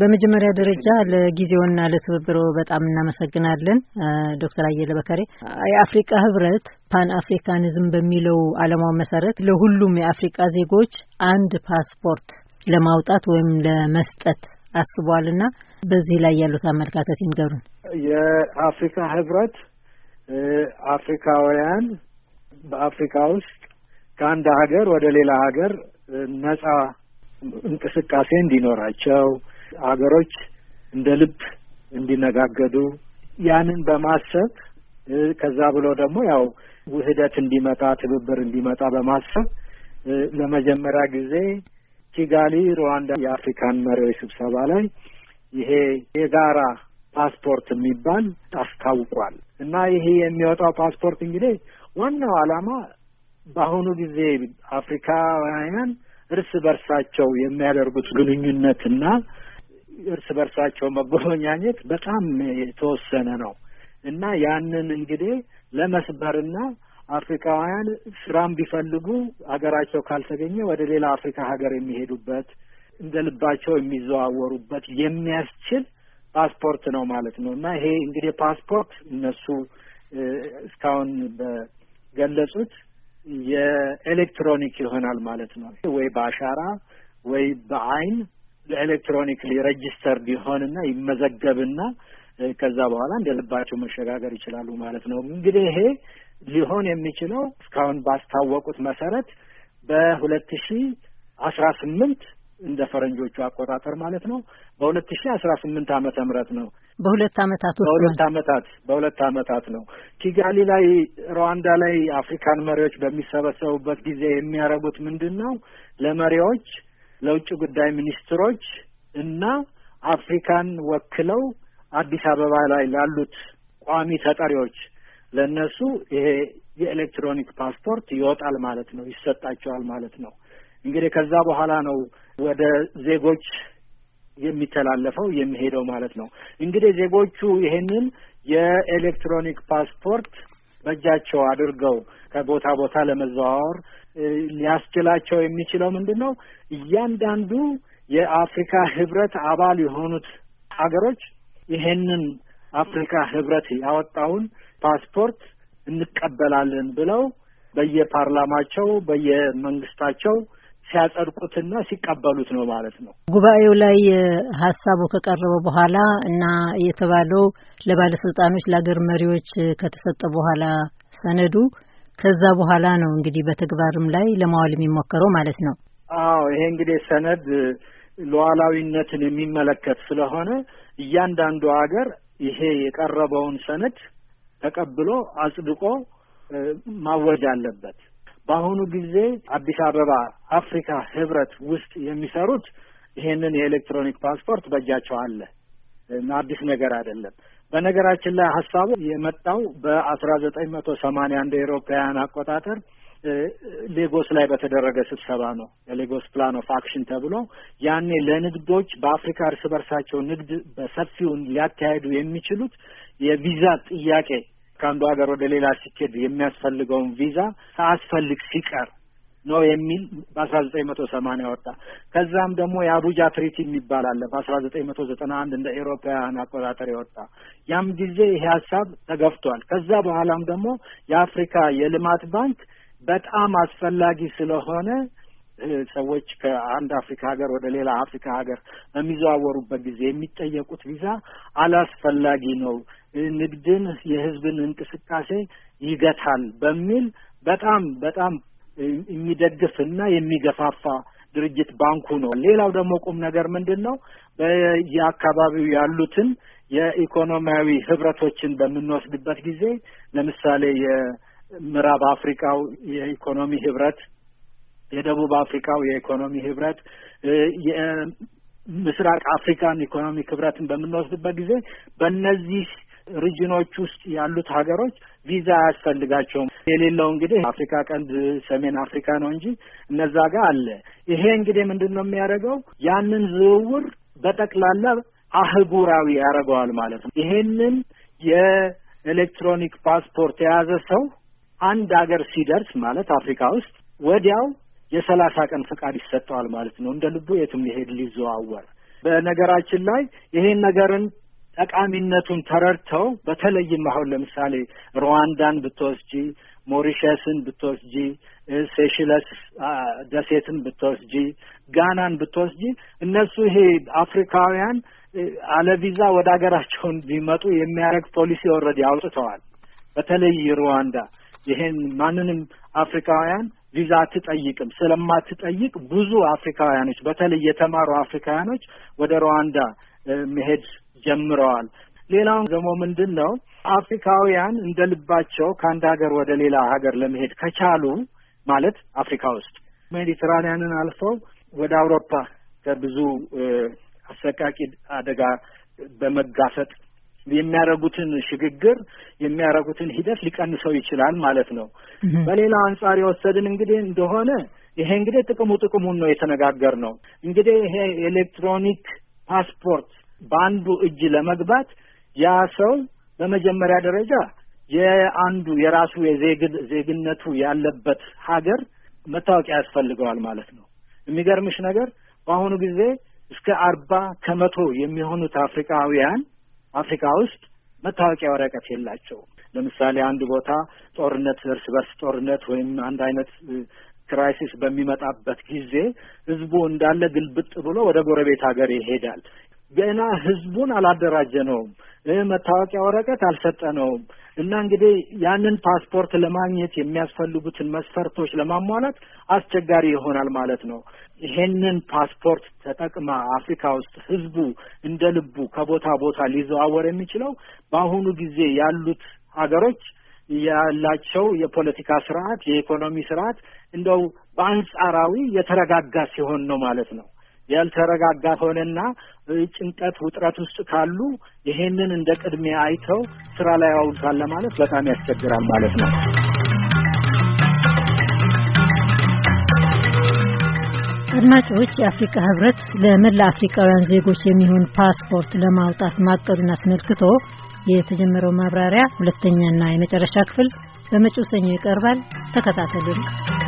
በመጀመሪያ ደረጃ ለጊዜውና ለትብብሮ በጣም እናመሰግናለን ዶክተር አየለ በከሬ። የአፍሪቃ ህብረት ፓን አፍሪካኒዝም በሚለው ዓላማው መሰረት ለሁሉም የአፍሪቃ ዜጎች አንድ ፓስፖርት ለማውጣት ወይም ለመስጠት አስቧልና በዚህ ላይ ያሉት አመለካከት ይንገሩን። የአፍሪካ ህብረት አፍሪካውያን በአፍሪካ ውስጥ ከአንድ ሀገር ወደ ሌላ ሀገር ነጻ እንቅስቃሴ እንዲኖራቸው አገሮች እንደ ልብ እንዲነጋገዱ ያንን በማሰብ ከዛ ብሎ ደግሞ ያው ውህደት እንዲመጣ ትብብር እንዲመጣ በማሰብ ለመጀመሪያ ጊዜ ኪጋሊ ሩዋንዳ የአፍሪካን መሪዎች ስብሰባ ላይ ይሄ የጋራ ፓስፖርት የሚባል አስታውቋል። እና ይሄ የሚወጣው ፓስፖርት እንግዲህ ዋናው ዓላማ በአሁኑ ጊዜ አፍሪካውያን እርስ በርሳቸው የሚያደርጉት ግንኙነትና እርስ በርሳቸው መጎበኛኘት በጣም የተወሰነ ነው እና ያንን እንግዲህ ለመስበርና አፍሪካውያን ስራም ቢፈልጉ ሀገራቸው ካልተገኘ ወደ ሌላ አፍሪካ ሀገር የሚሄዱበት እንደ ልባቸው የሚዘዋወሩበት የሚያስችል ፓስፖርት ነው ማለት ነው እና ይሄ እንግዲህ ፓስፖርት እነሱ እስካሁን በገለጹት የኤሌክትሮኒክ ይሆናል ማለት ነው ወይ በአሻራ ወይ በአይን ኤሌክትሮኒክሊ ሬጂስተር ቢሆንና ይመዘገብና ከዛ በኋላ እንደ ልባቸው መሸጋገር ይችላሉ ማለት ነው። እንግዲህ ይሄ ሊሆን የሚችለው እስካሁን ባስታወቁት መሰረት በሁለት ሺ አስራ ስምንት እንደ ፈረንጆቹ አቆጣጠር ማለት ነው። በሁለት ሺ አስራ ስምንት ዓመተ ምህረት ነው። በሁለት አመታት ውስጥ በሁለት አመታት በሁለት አመታት ነው። ኪጋሊ ላይ ሩዋንዳ ላይ አፍሪካን መሪዎች በሚሰበሰቡበት ጊዜ የሚያደርጉት ምንድን ነው? ለመሪዎች ለውጭ ጉዳይ ሚኒስትሮች እና አፍሪካን ወክለው አዲስ አበባ ላይ ላሉት ቋሚ ተጠሪዎች ለእነሱ ይሄ የኤሌክትሮኒክ ፓስፖርት ይወጣል ማለት ነው፣ ይሰጣቸዋል ማለት ነው። እንግዲህ ከዛ በኋላ ነው ወደ ዜጎች የሚተላለፈው የሚሄደው ማለት ነው። እንግዲህ ዜጎቹ ይሄንን የኤሌክትሮኒክ ፓስፖርት በእጃቸው አድርገው ከቦታ ቦታ ለመዘዋወር ሊያስችላቸው የሚችለው ምንድን ነው? እያንዳንዱ የአፍሪካ ህብረት አባል የሆኑት ሀገሮች ይሄንን አፍሪካ ህብረት ያወጣውን ፓስፖርት እንቀበላለን ብለው በየፓርላማቸው በየመንግስታቸው ሲያጸድቁትና ሲቀበሉት ነው ማለት ነው። ጉባኤው ላይ ሀሳቡ ከቀረበ በኋላ እና የተባለው ለባለስልጣኖች ለሀገር መሪዎች ከተሰጠ በኋላ ሰነዱ ከዛ በኋላ ነው እንግዲህ በተግባርም ላይ ለማዋል የሚሞከረው ማለት ነው። አዎ ይሄ እንግዲህ ሰነድ ሉዓላዊነትን የሚመለከት ስለሆነ እያንዳንዱ ሀገር ይሄ የቀረበውን ሰነድ ተቀብሎ አጽድቆ ማወጅ አለበት። በአሁኑ ጊዜ አዲስ አበባ አፍሪካ ህብረት ውስጥ የሚሰሩት ይሄንን የኤሌክትሮኒክ ፓስፖርት በእጃቸው አለ እና አዲስ ነገር አይደለም። በነገራችን ላይ ሀሳቡ የመጣው በአስራ ዘጠኝ መቶ ሰማኒያ አንድ የኤሮፓውያን አቆጣጠር ሌጎስ ላይ በተደረገ ስብሰባ ነው። የሌጎስ ፕላን ኦፍ አክሽን ተብሎ ያኔ ለንግዶች በአፍሪካ እርስ በርሳቸው ንግድ በሰፊውን ሊያካሄዱ የሚችሉት የቪዛ ጥያቄ ከአንዱ ሀገር ወደ ሌላ ሲኬድ የሚያስፈልገውን ቪዛ ሳያስፈልግ ሲቀር ነው የሚል በአስራ ዘጠኝ መቶ ሰማኒያ ወጣ። ከዛም ደግሞ የአቡጃ ትሪቲ የሚባል አለ በአስራ ዘጠኝ መቶ ዘጠና አንድ እንደ ኤሮፓውያን አቆጣጠር የወጣ ያም ጊዜ ይሄ ሀሳብ ተገፍቷል። ከዛ በኋላም ደግሞ የአፍሪካ የልማት ባንክ በጣም አስፈላጊ ስለሆነ ሰዎች ከአንድ አፍሪካ ሀገር ወደ ሌላ አፍሪካ ሀገር በሚዘዋወሩበት ጊዜ የሚጠየቁት ቪዛ አላስፈላጊ ነው፣ ንግድን፣ የህዝብን እንቅስቃሴ ይገታል በሚል በጣም በጣም የሚደግፍና የሚገፋፋ ድርጅት ባንኩ ነው። ሌላው ደግሞ ቁም ነገር ምንድን ነው? በየአካባቢው ያሉትን የኢኮኖሚያዊ ህብረቶችን በምንወስድበት ጊዜ ለምሳሌ የምዕራብ አፍሪካው የኢኮኖሚ ህብረት፣ የደቡብ አፍሪካው የኢኮኖሚ ህብረት፣ የምስራቅ አፍሪካን ኢኮኖሚ ህብረትን በምንወስድበት ጊዜ በእነዚህ ሪጅኖች ውስጥ ያሉት ሀገሮች ቪዛ አያስፈልጋቸውም። የሌለው እንግዲህ አፍሪካ ቀንድ ሰሜን አፍሪካ ነው እንጂ እነዛ ጋር አለ። ይሄ እንግዲህ ምንድን ነው የሚያደርገው ያንን ዝውውር በጠቅላላ አህጉራዊ ያደርገዋል ማለት ነው። ይሄንን የኤሌክትሮኒክ ፓስፖርት የያዘ ሰው አንድ ሀገር ሲደርስ ማለት አፍሪካ ውስጥ ወዲያው የሰላሳ ቀን ፍቃድ ይሰጠዋል ማለት ነው። እንደ ልቡ የትም ሊሄድ ሊዘዋወር። በነገራችን ላይ ይሄን ነገርን ጠቃሚነቱን ተረድተው በተለይም አሁን ለምሳሌ ሩዋንዳን ብትወስጂ፣ ሞሪሸስን ብትወስጂ፣ ሴሽለስ ደሴትን ብትወስጂ፣ ጋናን ብትወስጂ እነሱ ይሄ አፍሪካውያን አለቪዛ ወደ ሀገራቸውን ቢመጡ የሚያደርግ ፖሊሲ ኦልሬዲ አውጥተዋል። በተለይ ሩዋንዳ ይሄን ማንንም አፍሪካውያን ቪዛ አትጠይቅም። ስለማትጠይቅ ብዙ አፍሪካውያኖች በተለይ የተማሩ አፍሪካውያኖች ወደ ሩዋንዳ መሄድ ጀምረዋል። ሌላውን ደግሞ ምንድን ነው አፍሪካውያን እንደ ልባቸው ከአንድ ሀገር ወደ ሌላ ሀገር ለመሄድ ከቻሉ ማለት አፍሪካ ውስጥ ሜዲትራንያንን አልፈው ወደ አውሮፓ ከብዙ አሰቃቂ አደጋ በመጋፈጥ የሚያደርጉትን ሽግግር የሚያደርጉትን ሂደት ሊቀንሰው ይችላል ማለት ነው። በሌላ አንጻር የወሰድን እንግዲህ እንደሆነ ይሄ እንግዲህ ጥቅሙ ጥቅሙን ነው የተነጋገር ነው። እንግዲህ ይሄ ኤሌክትሮኒክ ፓስፖርት በአንዱ እጅ ለመግባት ያ ሰው በመጀመሪያ ደረጃ የአንዱ የራሱ የዜግነቱ ያለበት ሀገር መታወቂያ ያስፈልገዋል ማለት ነው። የሚገርምሽ ነገር በአሁኑ ጊዜ እስከ አርባ ከመቶ የሚሆኑት አፍሪካውያን አፍሪካ ውስጥ መታወቂያ ወረቀት የላቸው ለምሳሌ አንድ ቦታ ጦርነት፣ እርስ በርስ ጦርነት ወይም አንድ አይነት ክራይሲስ በሚመጣበት ጊዜ ህዝቡ እንዳለ ግልብጥ ብሎ ወደ ጎረቤት ሀገር ይሄዳል። ገና ህዝቡን አላደራጀ ነውም መታወቂያ ወረቀት አልሰጠነውም እና እንግዲህ ያንን ፓስፖርት ለማግኘት የሚያስፈልጉትን መስፈርቶች ለማሟላት አስቸጋሪ ይሆናል ማለት ነው። ይሄንን ፓስፖርት ተጠቅማ አፍሪካ ውስጥ ህዝቡ እንደ ልቡ ከቦታ ቦታ ሊዘዋወር የሚችለው በአሁኑ ጊዜ ያሉት ሀገሮች ያላቸው የፖለቲካ ስርዓት፣ የኢኮኖሚ ስርዓት እንደው በአንጻራዊ የተረጋጋ ሲሆን ነው ማለት ነው። ያልተረጋጋ ከሆነና ጭንቀት፣ ውጥረት ውስጥ ካሉ ይሄንን እንደ ቅድሚያ አይተው ስራ ላይ ያውሉታል ለማለት በጣም ያስቸግራል ማለት ነው። አድማጮች፣ የአፍሪካ ህብረት ለመላ አፍሪካውያን ዜጎች የሚሆን ፓስፖርት ለማውጣት ማቀዱን አስመልክቶ የተጀመረው ማብራሪያ ሁለተኛና የመጨረሻ ክፍል በመጪው ሰኞ ይቀርባል። ተከታተሉን።